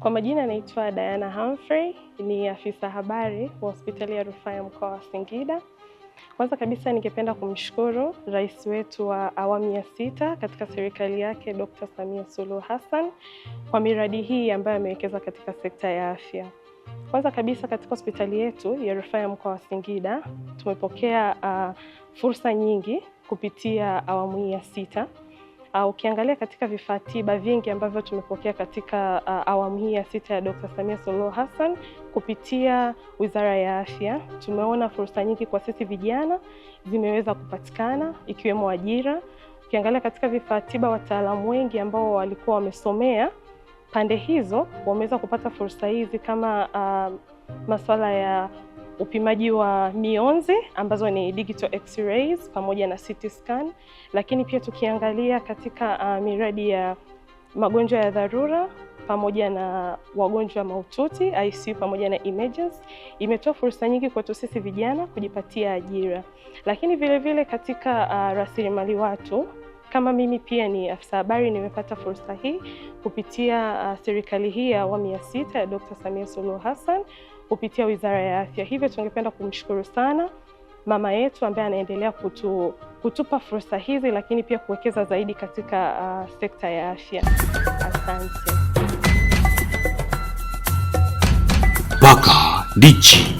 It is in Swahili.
Kwa majina anaitwa Diana Humphrey, ni afisa habari wa hospitali ya rufaa ya mkoa wa Singida. Kwanza kabisa ningependa kumshukuru rais wetu wa awamu ya sita katika serikali yake Dr. Samia Suluhu Hassan kwa miradi hii ambayo amewekeza katika sekta ya afya. Kwanza kabisa katika hospitali yetu ya rufaa ya mkoa wa Singida tumepokea uh, fursa nyingi kupitia awamu hii ya sita Uh, ukiangalia katika vifaa tiba vingi ambavyo tumepokea katika uh, awamu hii ya sita ya Dr. Samia Suluhu Hassan kupitia Wizara ya Afya, tumeona fursa nyingi kwa sisi vijana zimeweza kupatikana ikiwemo ajira. Ukiangalia katika vifaa tiba, wataalamu wengi ambao walikuwa wamesomea pande hizo wameweza kupata fursa hizi kama uh, ah, masuala ya upimaji wa mionzi ambazo ni digital x-rays pamoja na CT scan, lakini pia tukiangalia katika uh, miradi ya magonjwa ya dharura pamoja na wagonjwa mahututi ICU pamoja na emergency, imetoa fursa nyingi kwetu sisi vijana kujipatia ajira, lakini vile vile katika uh, rasilimali watu kama mimi pia ni afisa habari, nimepata fursa hii kupitia uh, serikali hii ya awamu ya sita ya Dr. Samia Suluhu Hassan kupitia Wizara ya Afya. Hivyo tungependa kumshukuru sana mama yetu ambaye anaendelea kutu, kutupa fursa hizi, lakini pia kuwekeza zaidi katika uh, sekta ya afya. Asante. Paka Ndichi